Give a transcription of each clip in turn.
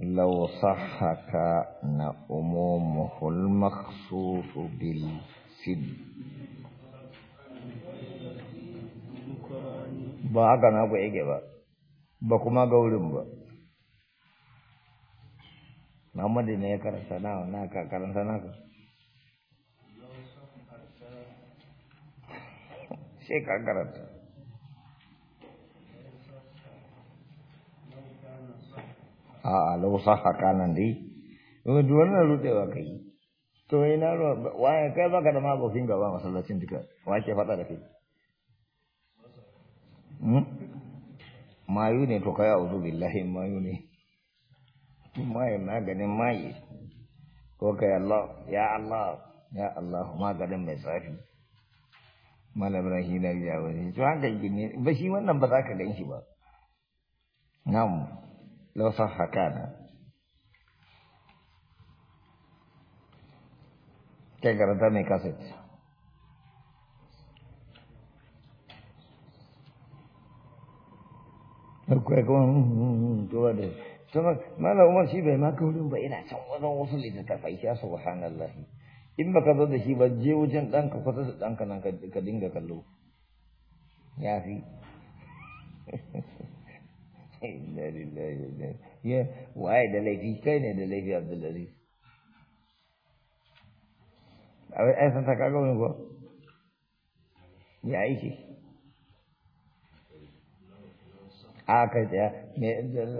لو صحك المخصوص na ku yake ba ka a lausa haka nan dai na rudewa ka yi to ina ruwa waye kai baka da mabokin gaba masallacin duka wake faɗa da kai mayu ne to kai a'udhu billahi mayu ne na ganin maye ko kai Allah ya Allah ya Allah maganin mai tsafi malam rahina ya wani to haka gine ba shi wannan ba za ka gan shi ba na'am لو صح كان sama mala umar bai ma kaurin ba ina san wajen wasu littattafai sha subhanallah in baka zo da shi ba je wajen ɗanka kwata da ɗanka nan ka dinga kallo ya fi inna lillahi ya waye da laifi kai ne da laifi abdulaziz a wai ai ta kaga wani ko ya aiki a kai tsaya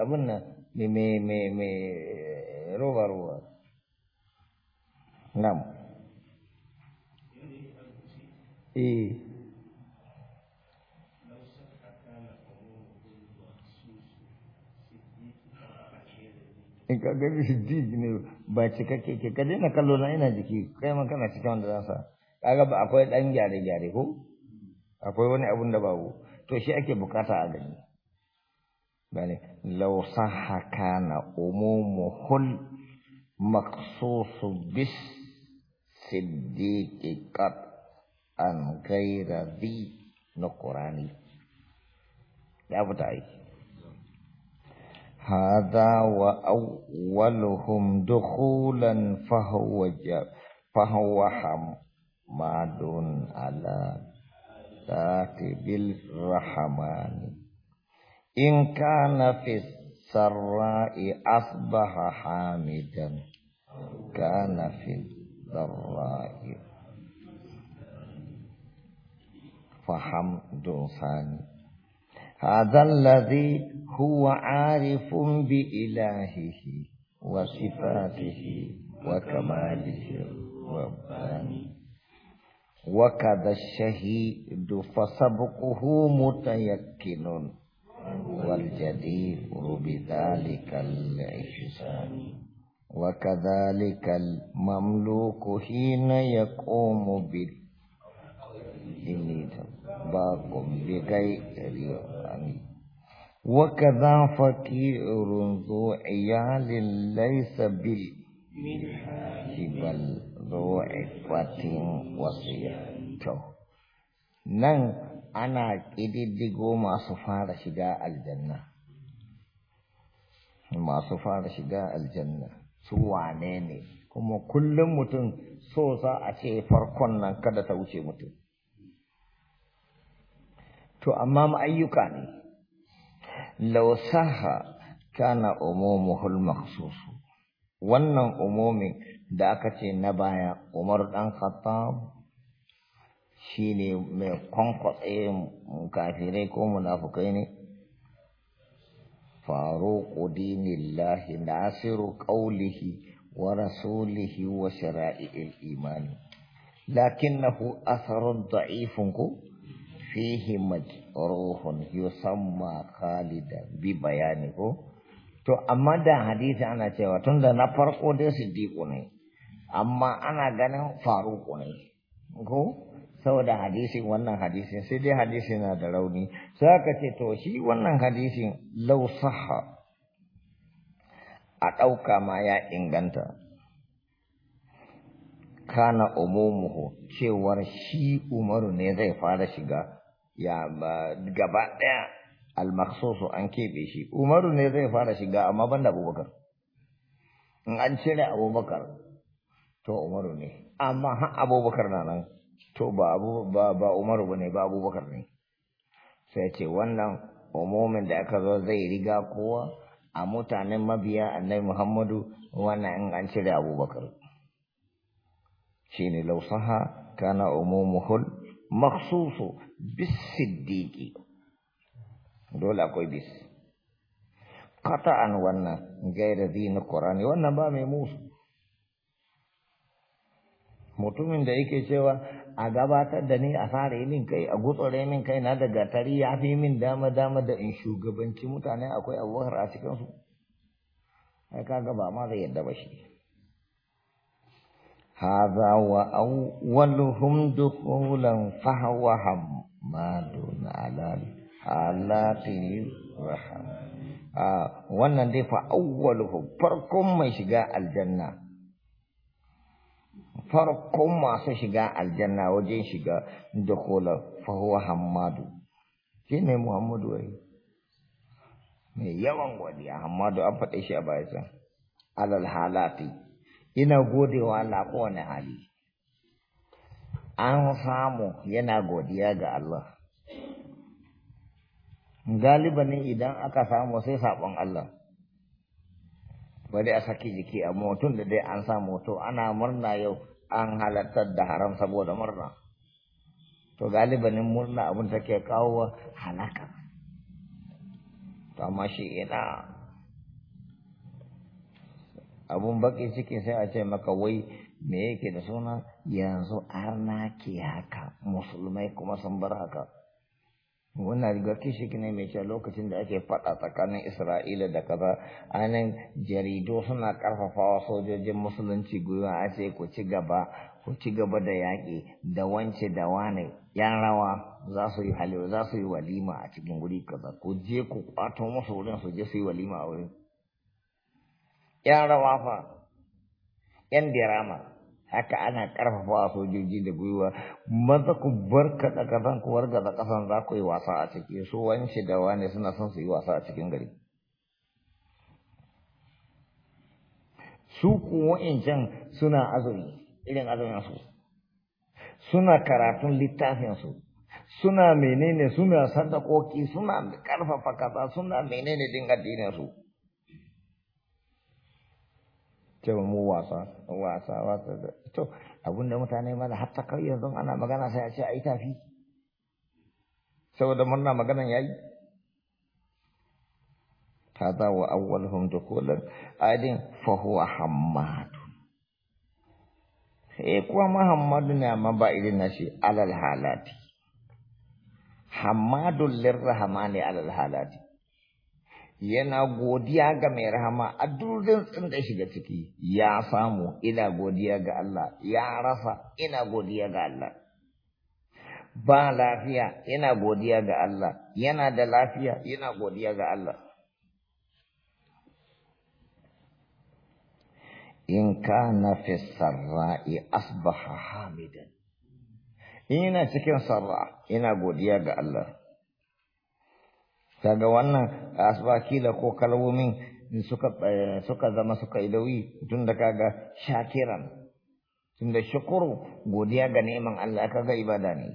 abin me me me me roba roba nam eh. ka ga jijji ne ba cika ke ka daina kallo na ina jiki kai ma kana cikin wanda zan sa kaga ba akwai dan gyare gyare ko akwai wani abun da babu to shi ake bukata a gani bane law sahha kana hul maqsusu bis siddiqi qat an ghayra dhi nuqrani ya fita aiki هذا وأولهم دخولا فهو جب فهو حماد على ذات بالرحمن إن كان في السراء أصبح حامدا كان في الضراء فحمد ثاني هذا الذي هو عارف بإلهه وصفاته وكماله رباني وكذا الشهيد فسبقه متيكن والجدير بذلك الإحسان وكذلك المملوك حين يقوم بالإنيد باق بغير وكذا فقير ذو عيال ليس بال بل ذو عفة ƙididdigo masu fara shiga aljanna masu fara shiga aljanna su wane ne kuma kullum mutum so za a ce farkon nan kada ta wuce mutum to amma ma'ayyuka ne لو صح كان عمومه المخصوص wannan umumi da aka ce na baya umar dan khattab shi ne mai kwankwatsa yin kafirai ko munafukai ne faru kudini lahi na asiru kaulihi wa rasulihi wa shara'i imani lakin na hu asarar da'ifin fi himmatu. ruhun yusamma khalidan bi bayani ko to amma da hadisi ana cewa tunda na farko da siddiqu ne amma ana ganin faruku ne ko saboda hadisi wannan hadisi sai dai hadisi na da rauni sai aka ce to shi wannan hadisin law sahha a ɗauka ma ya inganta kana umumuhu cewar shi umaru ne zai fara shiga ya gaba ɗaya makhsusu an kebe shi umaru ne zai fara shiga amma banda abubakar in an cire abubakar to umaru ne amma ha abubakar na nan to ba ba umaru ba ne ba abubakar ne sai ce wannan umumin da aka zo zai riga kowa a mutanen mabiya annabi muhammadu wannan in an cire abubakar shine lausaha kana umumuhul maksusu bis siddiqi dole akwai bis an wannan gaira zina qur'ani wannan ba mai musu mutumin da yake cewa a gabatar da ni a fara min kai a gutsure min kai na da gatari ya fi min dama dama da in shugabanci mutane akwai abubuwa a cikinsu ai kaga ba ma zai yadda ba shi هذا وأولهم دخولا فهو حماد على الحالات الرحم wannan dai fa awwaluhu farkon mai shiga aljanna farkon masu shiga aljanna wajen shiga dukula fa huwa hammadu shine muhammadu wai mai yawan godiya hamadu an faɗe shi a bayan alal halati Ina godewa Allah kowane hali an samu yana godiya ga Allah ne idan aka samu sai sabon Allah bari a saki jiki a mutum da dai an samu to ana murna yau an halartar da haram saboda murna to galiba ne murna abin take kawo halaka to amma shi ina abun baki ciki sai a ce maka wai me yake da suna yanzu arna ke haka musulmai kuma sun bar haka wannan rigar kishiki ne mai cewa lokacin da ake faɗa tsakanin isra'ila da kaza anan jaridu suna ƙarfafawa sojojin musulunci gwiwa a ce ku ci gaba ku ci gaba da yaƙi da wance da wane yan rawa za su yi walima a cikin wuri kaza ku je ku ƙwato musu wurin su je su yi walima a wurin ‘yan rawafa ‘yan dirama, haka ana ƙarfafa sojoji da gwiwa, maza ku bar kaɗa ƙasan ku warga da ƙasan za ku yi wasa a ciki, su wani da wani suna son su yi wasa a cikin gari. Su kuwa can suna azumi, irin su, suna karatun littafin su, suna menene suna sadakoki, suna ƙarfafa kaza, suna menene din addininsu. su. cewa mu wasa wasa wasa da abinda mutane ma da hatta kai yanzu ana magana sai a ce ai tafi saboda murna maganan yayi hada wa awwaluhum dukulan aidin fa huwa hammad eh kuma ma hammad ne amma ba irin nashi alal halati hammadul lirrahmani alal halati yana godiya ga mai rahama a durin tsin da shiga ciki ya samu ina godiya ga Allah ya rasa ina godiya ga Allah ba lafiya ina godiya ga Allah yana da lafiya ina godiya ga Allah in ka kana fi sarra'i asbaha hamidan ina cikin sarra ina godiya ga Allah kaga wannan asbaki da ko kalmomin suka eh, suka zama suka ilawi tun da kaga shakiran tun da shukuru godiya ga neman Allah kaga ibada ne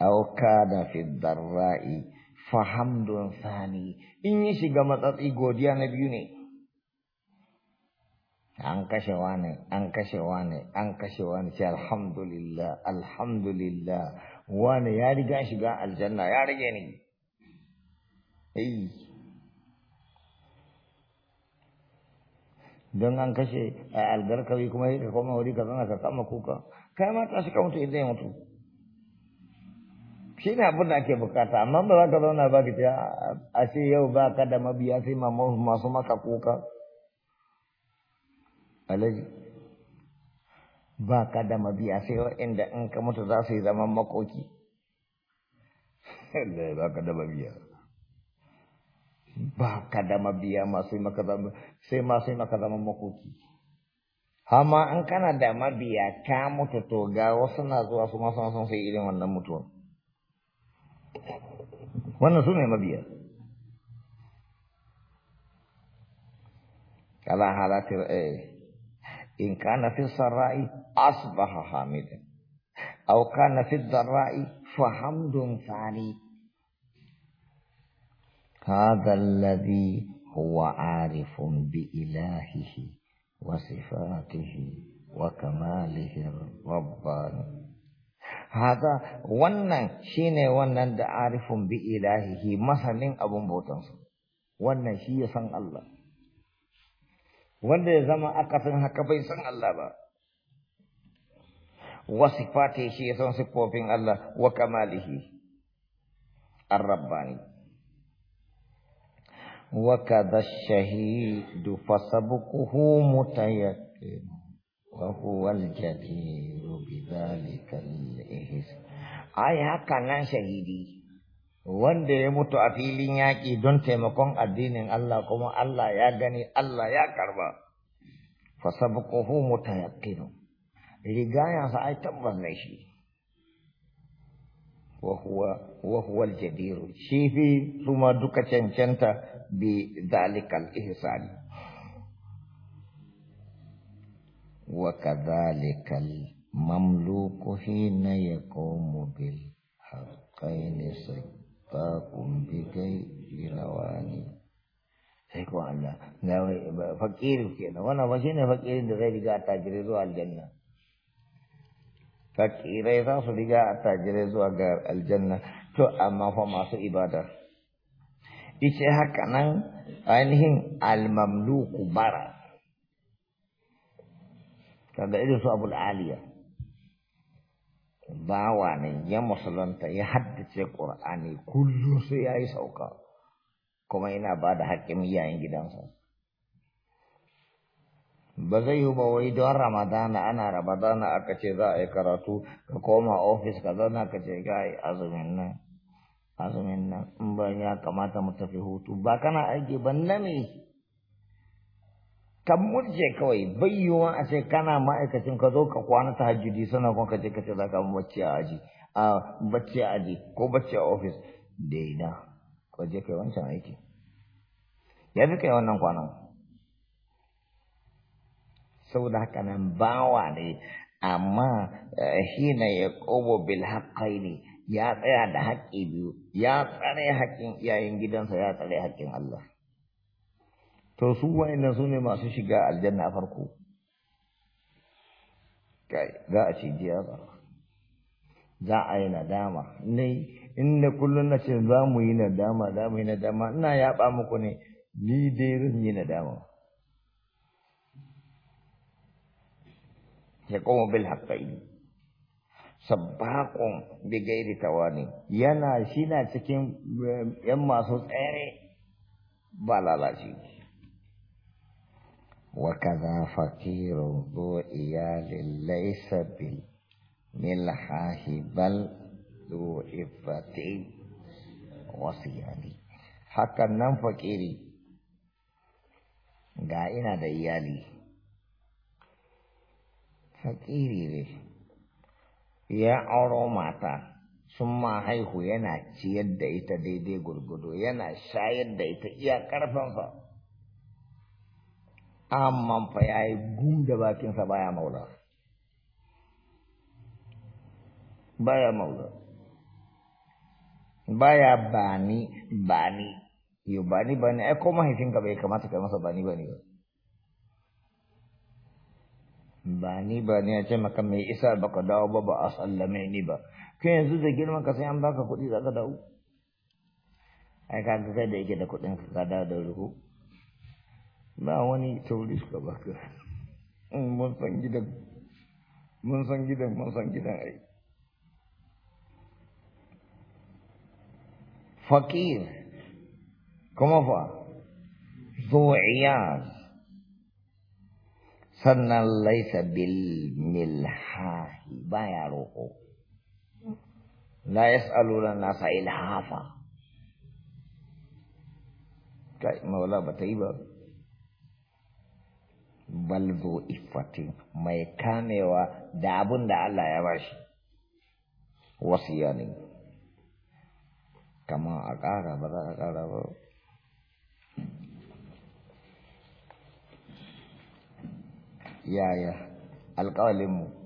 aw kana fi dharra'i fahamdun sani in yi shiga matsatsi godiya na biyu ne an kashe wani, an kashe wani, an kashe wani, sai alhamdulillah alhamdulillah wane ya riga shiga aljanna ya rage ni don an kashe a algarkawi kuma ka kuma wuri ka zana ka kama kuka kai ma shi ka mutu idan mutu shi ne abin da ake bukata amma ba za ka zauna ba ka ce a ce yau ba ka da mabiya sai masu maka kuka alaji ba ka da mabiya sai waɗanda in ka mutu za su yi zaman makoki. Allah ba ka da mabiya. Ba ka da mabiya masu maka zama sai masu maka zaman makoki. Amma in kana da mabiya ka mutu to ga wasu na zuwa su masu sun sai irin wannan mutuwan. Wannan su ne mabiya. Kala halatir eh. إن كان في السراء أصبح حامدا أو كان في الضراء فحمد ثاني هذا الذي هو عارف بإلهه وصفاته وكماله الرباني هذا wannan shine wannan da arifun bi ilahihi masanin abun bautansa wannan shi ya san Allah wanda ya zama aka san haka bai san Allah ba wasifati shi ya san siffofin Allah wa kamalihi ar-rabbani wa kadha shahidu fasabukuhu mutayakkin wa huwa al-jadiru bidhalika al-ihsan ay haka nan shahidi wanda ya mutu a filin yaƙi don taimakon addinin Allah kuma Allah ya gani Allah ya karba fasabquhu mutayaqqinu rigayansa ai tabbas ne shi wa huwa wa huwa al-jadir shi fi kuma duka cancanta bi zalikal ihsani wa kadhalikal mamluku hina yaqumu bil haqqaini أعطاكم بغير رواني sai ko Allah na fakiri kenan wannan ba shine fakirin da zai riga attajirai zuwa aljanna fakirai za su riga attajirai zuwa ga aljanna to amma fa masu ibada ice haka nan ainihin almamluku bara kaga irin su abul aliya bawa ne ya musulunta ya haddace ƙur'ani kullum sai ya yi sauka kuma yana ba da haƙƙin iyayen gidansa ba zai yi ba wai don ramadana ana ramadana aka ce za a yi karatu ka koma ofis ka zana ka ce ga yi azumin nan azumin nan in ban ya kamata mu tafi hutu ba kana aiki ba na me kan murje kawai bai yiwuwa a ce kana ma'aikacin ka zo ka kwana ta hajjudi sana kuma ka je ka ce za ka bacci a aji a bacci a aji ko bacci a ofis daina ka je kai wancan aiki ya fi kai wannan kwanan saboda haka nan bawa ne amma eh, hina ya ƙobo bil ne ya tsaya da haƙƙi biyu ya tsare haƙƙin iyayen gidansa ya tsare haƙƙin Allah to su wa'annan su ne masu shiga aljanna a farko za a ce jiya za a yi nadama ne inda kullum na ce za mu yi nadama za mu yi nadama ina yaɓa muku ne ni dai zan yi nadama ya koma bil haƙƙai sabbakon tawa ne yana shi na cikin eh, yan masu tsere ba lalace وكذا فقير ذو إيال ليس بالملحاه بل ذو إفة وصيان حقا نم فقيري ga ina da iyali fakiri ne ya auro mata sun ma haihu yana ciyar da ita daidai gurgudu yana shayar da ita iya ƙarfinsa amman fa ya yi gum da bakinsa baya maula baya maula baya bani bani yo bani bani ai ko ka bai kamata kai masa bani bani ba bani bani a ce maka mai isa baka dawo ba ba a sallame ni ba kai yanzu da girman ka sai an baka kuɗi za ka dawo ai ka ga kai da yake da kuɗin ka dawo da ruhu ba wani tauri suka baka mun san mun san gidan mun san gidan ai fakir kuma fa zu'iyaz sannan laisa bil ba ya roƙo la yas'aluna nasa ilhafa kai maula ba ta yi ba balzo ifati mai kamewa da abun da Allah ya bashi wasu kama a ƙara ba za a ƙara ba yaya alƙawalinmu